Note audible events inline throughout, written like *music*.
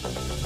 Thank you.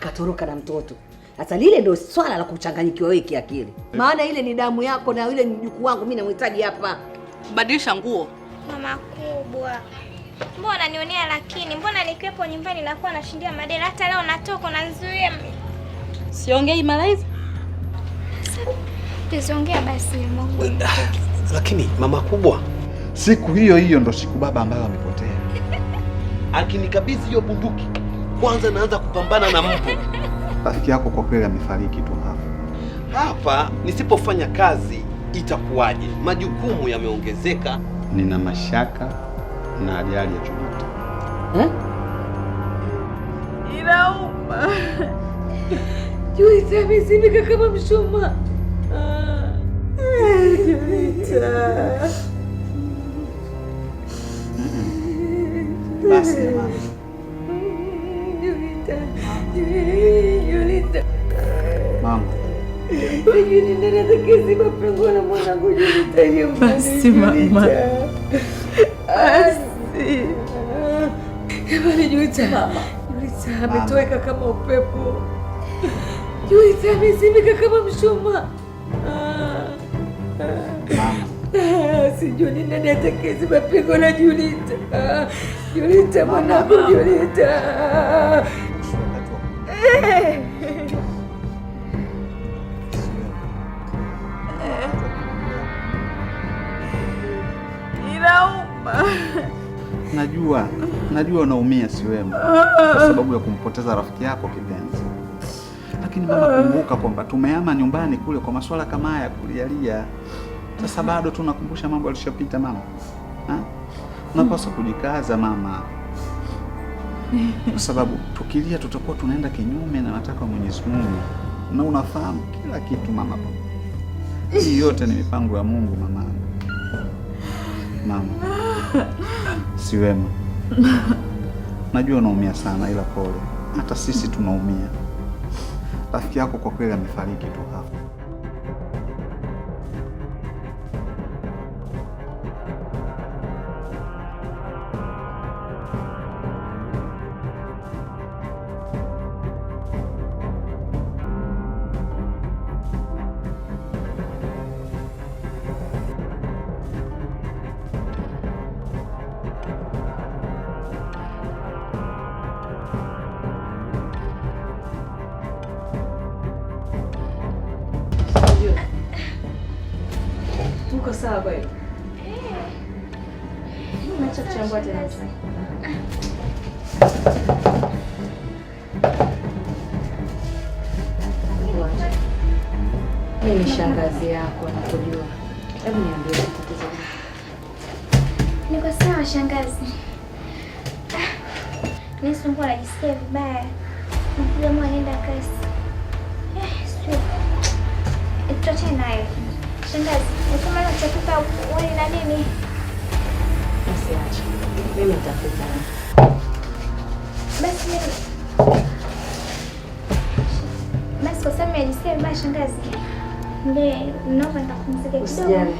akatoroka na mtoto. Sasa lile ndio swala la kuchanganyikiwa wewe kiakili, eh. maana ile ni damu yako na ile ni mjukuu wangu, mimi namhitaji hapa. Badilisha nguo. Mama kubwa, mbona nionea? Lakini mbona nikiwepo nyumbani nakuwa nashindia madela? Hata leo natoka nazuia, siongei malaizi, nisiongea basi mama. Eh, ah, lakini mama kubwa, siku hiyo hiyo ndo siku baba ambayo amepotea *laughs* akinikabidhi hiyo bunduki kwanza naanza kupambana na mpo. Rafiki yako kwa kweli amefariki tu hapa. Hapa nisipofanya kazi itakuwaje? Majukumu yameongezeka. Nina mashaka na ajali ya Chubuta eh? Inauma juisamisimika kama mshuma Basi mama. Basi mama. Basi. Kama ni Juita Juita ametoweka kama upepo. Juita amezimika kama mshumaa. Sijui nani atakayezi mapigo na Julita. Julita mwanangu, Julita. Eh. najua, najua unaumia wema ah. kwa sababu ya kumpoteza rafiki yako kipenzi. Lakini mama, ah. kumbuka kwamba tumeama nyumbani kule kwa masuala kama haya kulialia. Sasa bado tunakumbusha mambo yalishopita mama, unapaswa kujikaza mama, kwa sababu tukilia tutakuwa tunaenda kinyume na matakwa ya Mwenyezi Mungu, na unafahamu kila kitu mama. Hii yote ni mipango ya Mungu mama, mama. Ah. Si wema. *laughs* Najua unaumia sana, ila pole, hata sisi tunaumia. Rafiki yako kwa kweli amefariki tu hapo. sawa kwa Acha kuchambua tena. Mimi shangazi yako nakujua. Hebu niambie tatizo. Niko sawa shangazi. Ah, nisumbua najisikia vibaya. Mpiga mwanenda kasi. Eh, yes, naye. Shangazi, kama nachopika wali na nini? Usiache. Mimi nitapika. Basi mimi. Basi kwa sababu ya nisema shangazi. Ndio, naomba nitakumzika kidogo. Usijali.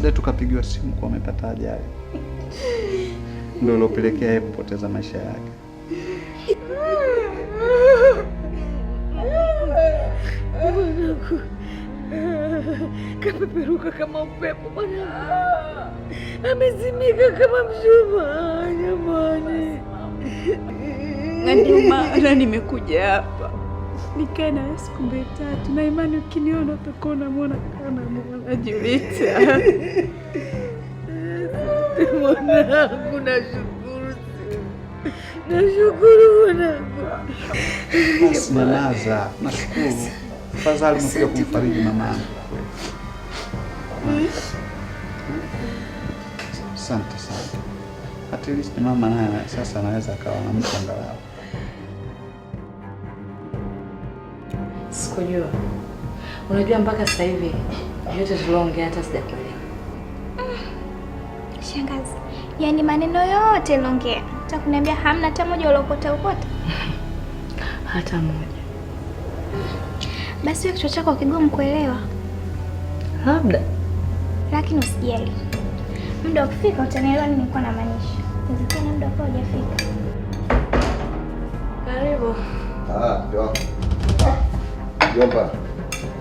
baadaye tukapigiwa simu kuwa amepata ajali, *laughs* ndio ilopelekea yeye kupoteza maisha yake. *laughs* kapeperuka kama upepo, bwana, amezimika kama mshumaa. Jamani, na ndio maana nimekuja hapa nikae na tatu na imani, ukiniona utakuwa unamwona kana mwana Julita mwanangu. Nashukuru, nashukuru mwanangu. Basi nashukuru. Tafadhali umekuja kumfariji mamangu. Asante sana. At least mama naye sasa anaweza akawa na mtu angalau Sikujua. Unajua mpaka sasa hivi yote tuliongea hata sijakuelewa. Mm. Shangazi. Yaani maneno yote niliongea. Nitakuniambia hamna hata moja uliokota ukota. *laughs* hata moja. Basi wewe kichwa chako kigumu kuelewa. Labda. Lakini usijali. Muda ukifika utanielewa nini nilikuwa namaanisha. Nizikeni muda kwa hujafika. Karibu. Ah, ndio. Mjomba.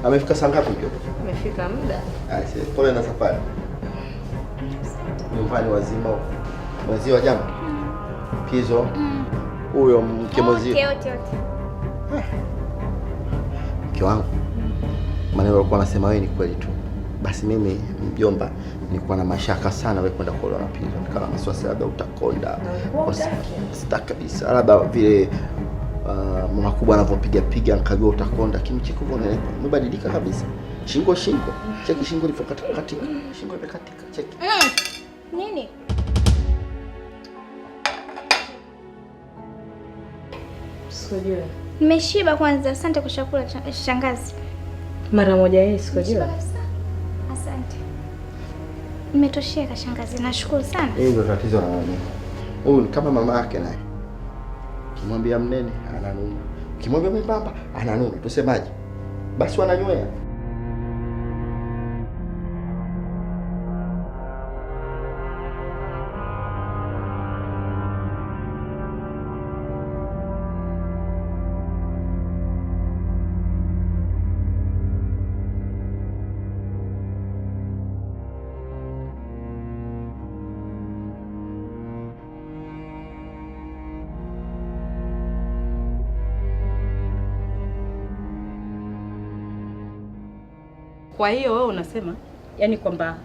Amefika saa ngapi mjomba? Amefika muda. Aise, ah, pole na safari. Nyumbani wazima. Mwenzio wa jambo. Kizo. Mm. Huyo mke oh, mwenzio. Eh. Mke wangu. Maneno alikuwa anasema wewe ni kweli tu. Basi mimi mjomba, nilikuwa na mashaka sana wewe kwenda kuolewa na Pizo. Nikawa na wasiwasi labda utakonda. Sitaki kabisa. Labda vile uh, mama kubwa anavyopiga piga, nikajua utakonda, lakini cheki hivyo unaelewa, umebadilika kabisa. Shingo shingo, cheki shingo ilivyokatika katika, katika shingo katika cheki mm. Nini? Sikujua. Nimeshiba kwanza, asante kwa chakula shangazi. Mara moja hii eh, sikujua. Asante. Nimetosheka shangazi, nashukuru sana. Eh, hii ndio tatizo la mama. Huyu ni kama mama yake naye. Ukimwambia mnene ananuna, ukimwambia mwembamba ananuna. Tusemaje? Basi wananywea Kwa hiyo wewe unasema yani kwamba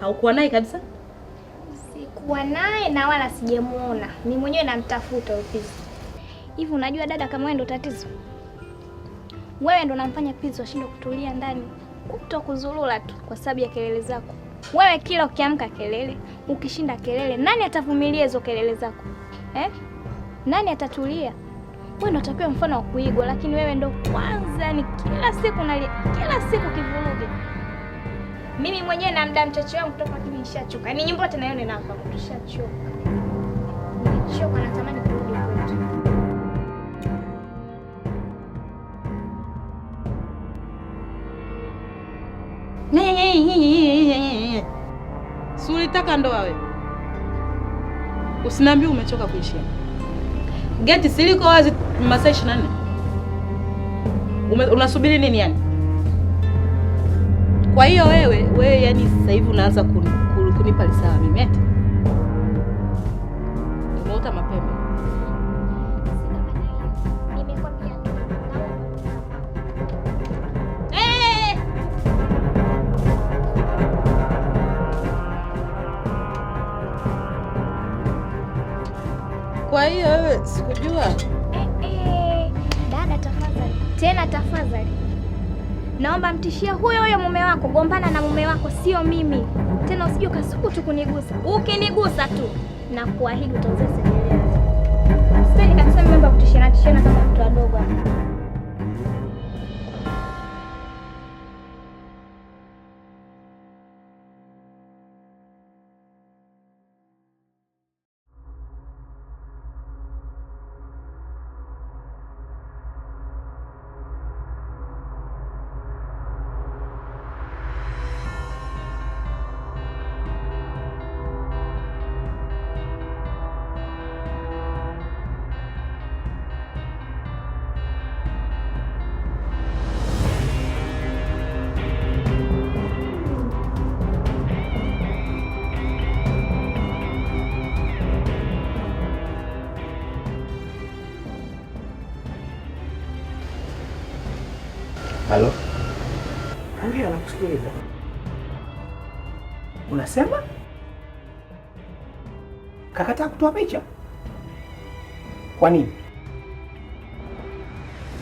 haukuwa naye kabisa? Sikuwa naye na wala sijemuona, ni mwenyewe namtafuta ofisi. Hivi unajua dada, kama wewe ndo tatizo, wewe ndo unamfanya Pizzo ashindwe kutulia ndani, kutokuzurura tu kwa sababu ya kelele zako. Wewe kila ukiamka kelele, ukishinda kelele. Nani atavumilia hizo kelele zako eh? Nani atatulia? Wewe ndo utakuwa mfano wa kuigwa, lakini wewe ndo kwanza, ni kila siku nalia kila siku kivuruge. Mimi mwenyewe na mda mchache wangu kutoka, lakini nishachoka. Yaani nyumba yote naiona inafa, nishachoka, nimechoka, tamani kurudi kwetu. Si ulitaka ndoa wewe? Usiniambie umechoka kuishi. Geti siliko wazi masaa nne Unasubiri nini yani? Kwa hiyo wewe wewe, yani sasa hivi unaanza kunipa lisawa mimi eti unaota mapema Kwa hiyo wewe sikujua. Eh, eh, dada tafadhali, tena tafadhali, naomba mtishie huyo huyo mume wako, gombana na mume wako, sio mimi. Tena usije ukasubutu kunigusa. Ukinigusa tu na kuahidi utauzia sengelezi. Sipendi kabisa mambo ya kutishana tishana kama watoto wadogo. kusikiliza. Unasema kakataa kutoa picha? Kwa nini?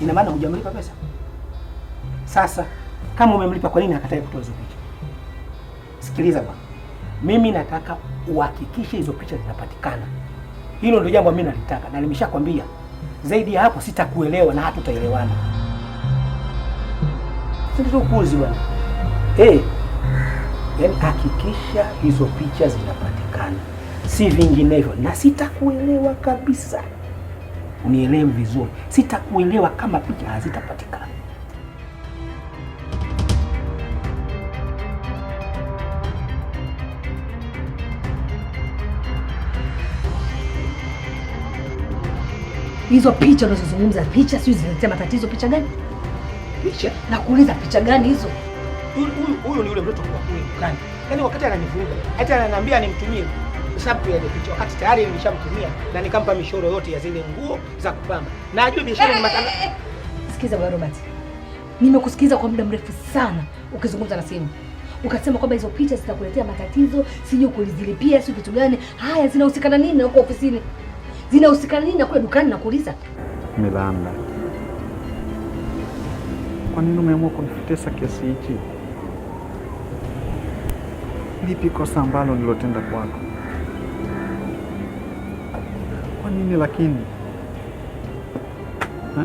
Ina maana hujamlipa pesa? Sasa kama umemlipa, kwa nini akatae kutoa hizo picha? Sikiliza bwana, mimi nataka uhakikishe hizo picha zinapatikana. Hilo ndio jambo mimi nalitaka, na nimeshakwambia zaidi ya hapo sitakuelewa na hatutaelewana. Sisi kuzi bwana. Eh, hey, hakikisha hizo picha zinapatikana, si vinginevyo, na sitakuelewa kabisa. Unielewe vizuri, sitakuelewa kama picha hazitapatikana. Hizo picha unazozungumza, picha sio zinaletea matatizo. Picha gani? Picha nakuuliza, picha gani hizo? huyu ni yule mtoto nani? Yaani wakati ananifunga hata ananiambia nimtumie sababu ya picha, wakati tayari nimeshamtumia na nikampa mishoro yote ya zile nguo za kupamba na ajue biashara ni matanga. *laughs* Sikiza bwana Robert, nimekusikiliza kwa muda mrefu sana ukizungumza na simu ukasema kwamba hizo picha zitakuletea matatizo, sijui kulizilipia, sio kitu gani. Haya, zinahusikana nini na huko ofisini? Zinahusikana nini na kule dukani? Nakuuliza Milanda, kwa nini umeamua kunifutesa kiasi hichi? lipi kosa ambalo nilotenda kwako? Kwa nini lakini ha?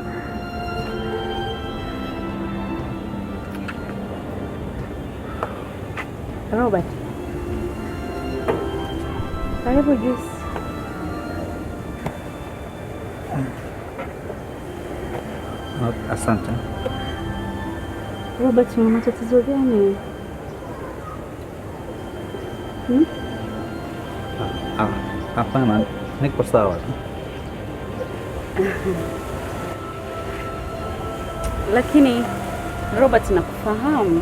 Robert, karibu juisi. Asante Robert, una matatizo gani? Hapana, niko sawa tu. Lakini Robert, nakufahamu.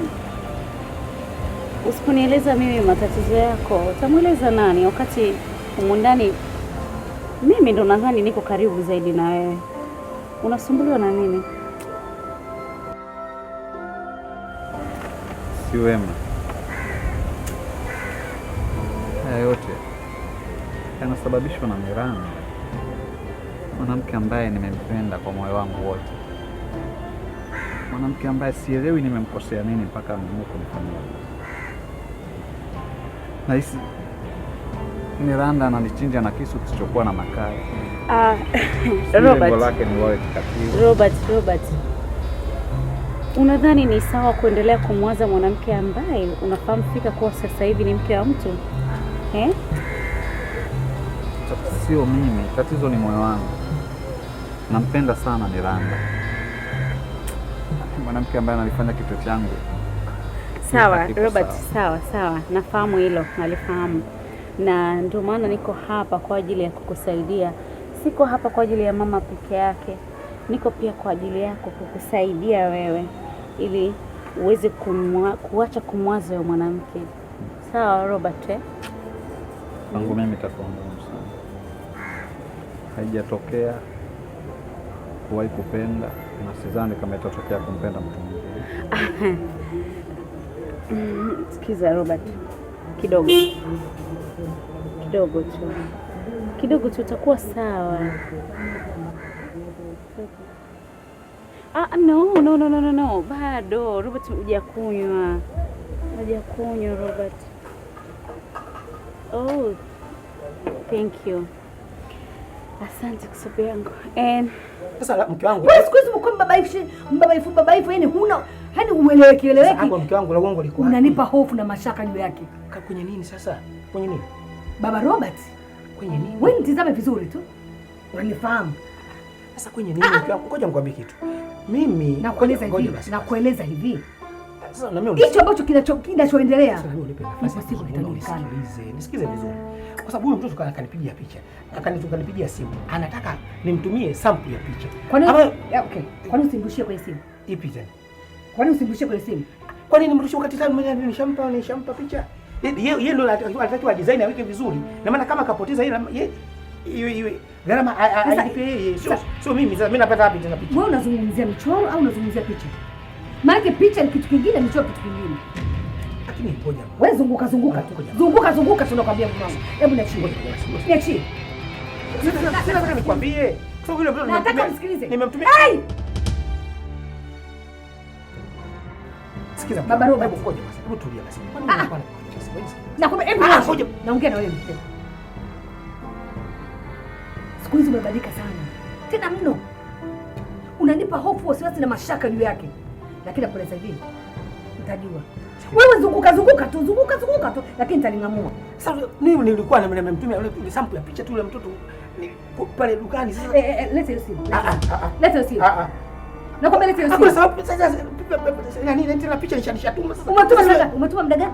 Usiponieleza mimi matatizo yako utamweleza nani? Wakati humu ndani mimi ndo nadhani niko karibu zaidi na wewe. Unasumbuliwa na nini? Si wema haya yote yanasababishwa na Miranda, mwanamke ambaye nimempenda kwa moyo wangu wote, mwanamke ambaye sielewi nimemkosea nini mpaka ameamua kunifanyia. Nahisi Miranda ananichinja na kisu kisichokuwa na makali. Ah, Robert, Robert. Unadhani ni sawa kuendelea kumwaza mwanamke ambaye unafahamu fika kuwa sasa hivi ni mke wa mtu? eh? Sio mimi, tatizo ni moyo wangu. Nampenda sana Miranda, mwanamke ambaye analifanya kitu changu. Sawa Robert, sawa sawa, nafahamu hilo, nalifahamu na ndio maana niko hapa kwa ajili ya kukusaidia. Siko hapa kwa ajili ya mama peke yake, niko pia kwa ajili yako, kukusaidia wewe ili uweze kumwa, kuacha kumwaza huyo mwanamke. Sawa Robert eh? kwangu mimi itakuwa ngumu sana. Haijatokea kuwahi kupenda na sidhani kama itatokea kumpenda mtu mwingine. *laughs* Sikiza Robert, kidogo kidogo tu, kidogo tu, utakuwa sawa. Ah, ah no, no, no, no, no, bado Robert, hujakunywa, hujakunywa Robert. Oh, thank you. Asante kusobe yangu. And sasa mke wangu. Wewe siku hizi mko mbabaifu, mbabaifu, mbabaifu yani huna hani ueleweki eleweki. Hapo mke wangu la uongo alikuwa. Unanipa hofu na mashaka juu yake. Kwenye nini sasa? Kwenye nini? Baba Robert. Kwenye nini? Wewe nitizame vizuri tu. Unanifahamu. Sasa kwenye nini mke wangu? Ah, ah. Ngoja nikwambie kitu. Mimi nakueleza hivi, nakueleza hivi hicho ambacho kinachoendelea nisikize vizuri, kwa sababu huyu mtoto kanipigia picha, akanipigia simu, anataka nimtumie sample ya picha. Kwa nini usimrushie kwenye simu ipi tena? Kwa nini usimrushie kwenye simu? Kwa nini nimrushie wakati nishampa nishampa picha? Yeye ndio anatakiwa design aweke vizuri, na maana kama kapoteza yeye iwe gharama, sio mimi. Sasa mimi napata wapi tena picha? Wewe unazungumzia mchoro au unazungumzia picha? Maana picha ni kitu kingine, michoro kitu kingine. Lakini ngoja. Wewe zunguka zunguka tu. Zunguka zunguka tunakwambia mama. Hebu niachie. Niachie. Sina Sasa nikwambie. Sasa yule mtoto nimemtumia. Nimemtumia. Hey! Sikiza. Baba roho hebu ngoja basi. Hebu tulia basi. Ah, ah. Na kwa hebu ah, ngoja. Naongea na wewe. Siku hizi umebadilika sana. Tena mno. Unanipa hofu, wasiwasi na mashaka juu yake lakini sasa hivi, utajua wewe. Zunguka zunguka tu, zunguka zunguka tu, lakini nitaling'amua. Sasa mimi nilikuwa nimemtumia ile sample ya picha tu ile mtoto pale dukani. Sasa eh, eh, eh, leta hiyo simu, leta ah, ah, ah, hiyo simu. Nakwambia leta hiyo simu. Kwa sababu sasa nani nani tena picha nishatuma sasa. Umetuma sasa, umetuma muda gani?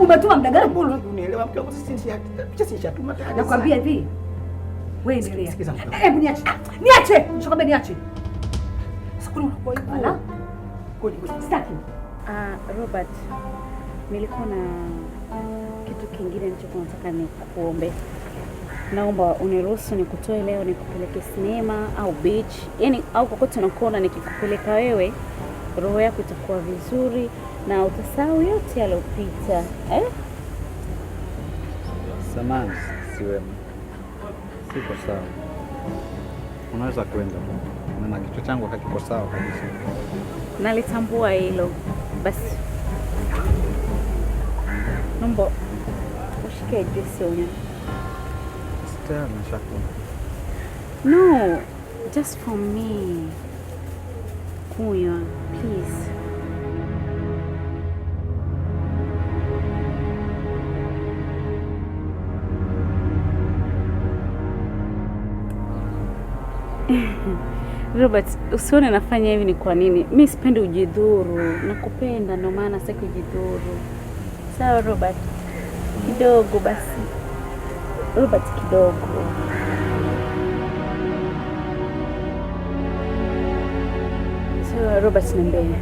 Umetuma muda gani? Mbona unielewa mke wangu sisi picha si chatuma tayari. Nakwambia hivi. Wewe endelea. Hebu eh, niache. Niache. Nishakwambia niache. Sasa kuna unakuwa hivi. Ah, Robert, nilikuwa na kitu kingine nilichokuwa nataka nikuombe. Naomba uniruhusu nikutoe leo nikupeleke sinema au beach, yani au kokote nakuona. Nikikupeleka wewe, roho yako itakuwa vizuri na utasahau yote yaliyopita eh? Samani, siwema, siko sawa. Unaweza kwenda na kichwa changu hakiko sawa kabisa. Nalitambua hilo. Basi nombo ushike juisi unywe. No, just for me. Kunywa please. Robert, usione nafanya hivi ni kwa nini? Mi sipendi ujidhuru, nakupenda ndio maana sitaki ujidhuru. Sawa Robert, kidogo basi. Robert, kidogo sawa. Robert, niambie,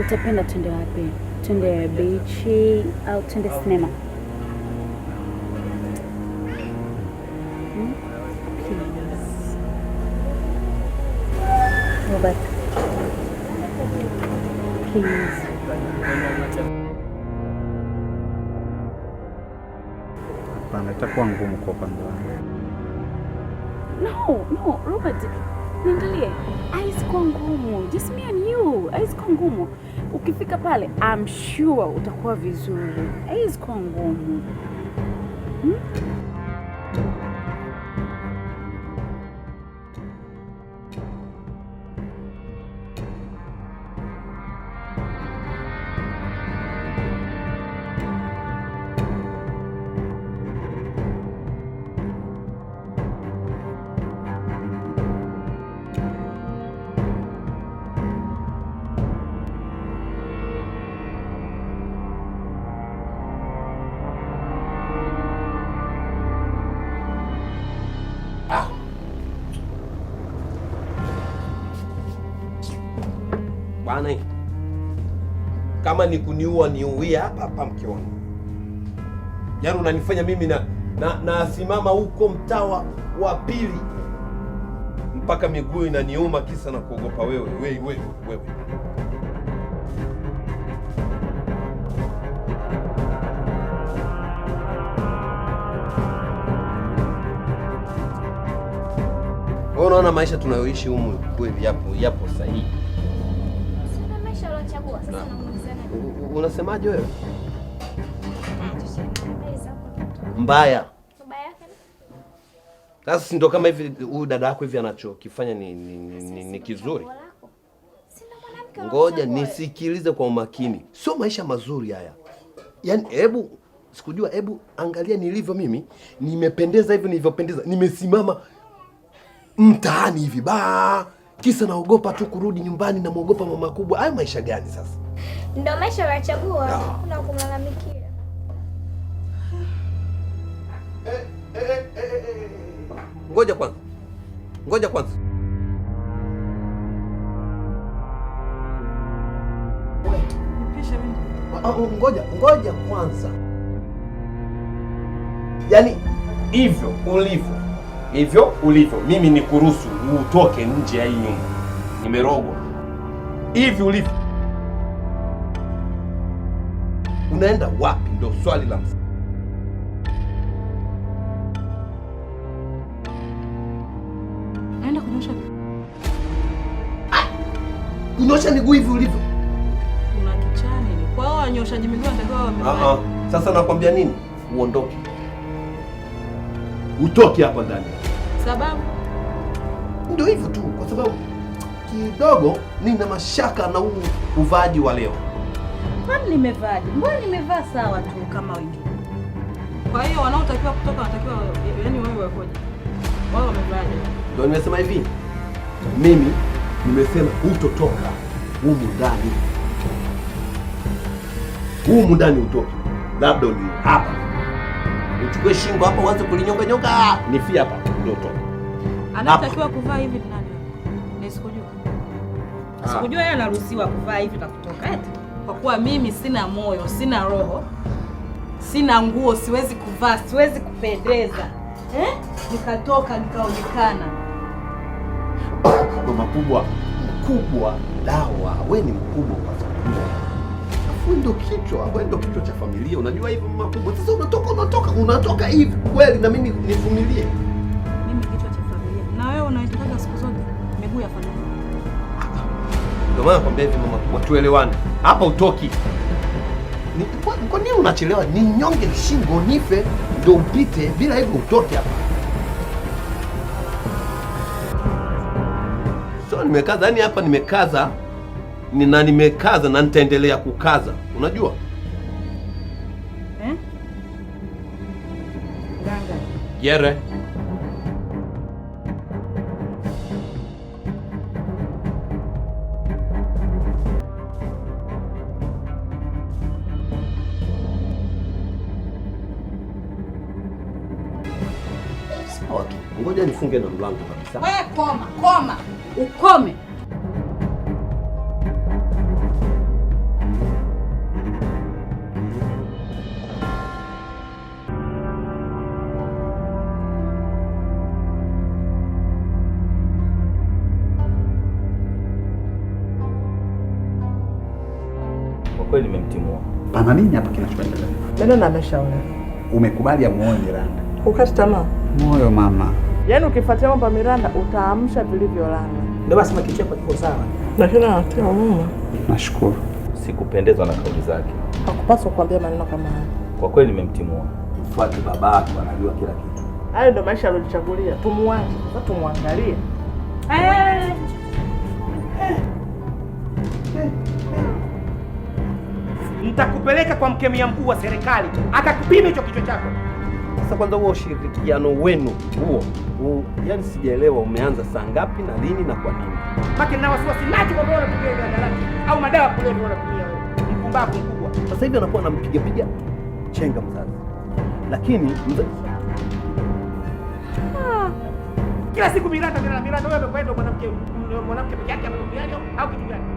utapenda twende wapi? Twende beach au twende sinema? but please. Hapana, itakuwa ngumu kwa upande wangu. No, no, Robert, niangalie. Haisikuwa ngumu, just me and you. Haisikuwa ngumu. Ukifika pale, I'm sure utakuwa vizuri. Haisikuwa ngumu. kama ni kuniua niuie hapa hapa mkioni. Yaani unanifanya mimi na nasimama na huko mtawa wa pili mpaka miguu inaniuma kisa na kuogopa wewe wewe wewe wewe. Unaona maisha tunayoishi humu kweli yapo yapo sahihi? unasemaje wewe? Ah, Mbaya sasa, si ndo kama hivi huyu dada yako hivi anachokifanya ni, ni, ni, ni kizuri? Ngoja nisikilize kwa umakini, sio maisha mazuri haya. Yaani hebu sikujua, hebu angalia nilivyo mimi, nimependeza hivi nilivyopendeza, nimesimama mtaani hivi ba, kisa naogopa tu kurudi nyumbani, namwogopa mama kubwa. Hayo maisha gani sasa? Ndio maisha unachagua, kuna kumlalamikia. Eh, eh, eh, ngoja kwanza, ngoja kwanza. Ah, ah, ngoja ngoja kwanza, yaani hivyo ulivyo, hivyo ulivyo, mimi nikuruhusu utoke nje ya hii nyumba, nimerogwa hivi ulivyo unaenda wapi? Ndio swali la Naenda kunyosha kunyosha miguu hivi ulivyo, una kichani. Ni wanyoshaji miguu Sasa nakwambia nini, uondoke, utoke hapa ndani. Sababu ndio hivyo tu, kwa sababu kidogo nina mashaka na huu uvaaji wa leo. Kwani nimevaaje? Mbona nimevaa sawa tu kama wengine. Kwa hiyo wanaotakiwa kutoka wanatakiwa yaani wewe wakoje? Wao wamevaaje? Ndio nimesema hivi. Mimi nimesema utotoka humu ndani. Humu ndani utoke. Labda ni hapa. Uchukue shingo hapa uanze kulinyonga nyonga. Nifia hapa ndio utoke. Anatakiwa kuvaa hivi nani? Nisikujua. Ah. Sikujua yeye anaruhusiwa kuvaa hivi na kutoka eti kwa kuwa mimi sina moyo, sina roho, sina nguo, siwezi kuvaa, siwezi kupendeza eh? Nikatoka nikaonekana makubwa kubwa mkubwa. Dawa, we ni mkubwa kwa familia ndo kichwa wewe, ndo kichwa cha familia, unajua hivyo makubwa, Sasa unatoka unatoka unatoka hivi kweli, na mimi nivumilie? Mimi kichwa cha familia, na wewe unaitaka siku zote miguu ya familia. Ndio maana nakwambia hivi mama watuelewane hapa, utoki. Ni kwa nini unachelewa? Ni nyonge shingo nife ndio upite, bila hivyo utoke hapa. So nimekaza, yani hapa nimekaza na nimekaza na nitaendelea kukaza, unajua eh? Jere. nifunge na mlango kabisa. Wewe koma, koma. Ukome. Kweli nimemtimua. Pana nini hapa kinachoendelea? Dada na ameshaona. Umekubali amuoe Miranda. Ukata tamaa. Moyo mama. Yaani ukifuatia kwamba Miranda utaamsha vilivyolala. Ndio basi makicho kwa kiko sawa. Lakini anatia mama. Nashukuru. Sikupendezwa na kauli zake. Hakupaswa kuambia maneno kama haya. Kwa kweli nimemtimua. Mfuate babako, anajua kila kitu. Hayo ndio maisha aliyochagulia. Tumuache, sasa tumwangalie. Hey. Eh! Nitakupeleka kwa mkemia mkuu wa serikali atakupima hicho kichwa chako. Sasa kwanza, huo ushirikiano wenu huo, yani sijaelewa umeanza saa ngapi na lini na kwa nini? Maki na wasiwasi naje kwamba wanapiga hiyo darasa au madawa kule wanatumia wewe. Mpumbavu mkubwa. Sasa hivi anakuwa anampiga piga chenga mzazi. Lakini mzazi ah. kila siku miranda miranda miranda, wewe umekwenda mwanamke mwanamke peke yake au kitu gani?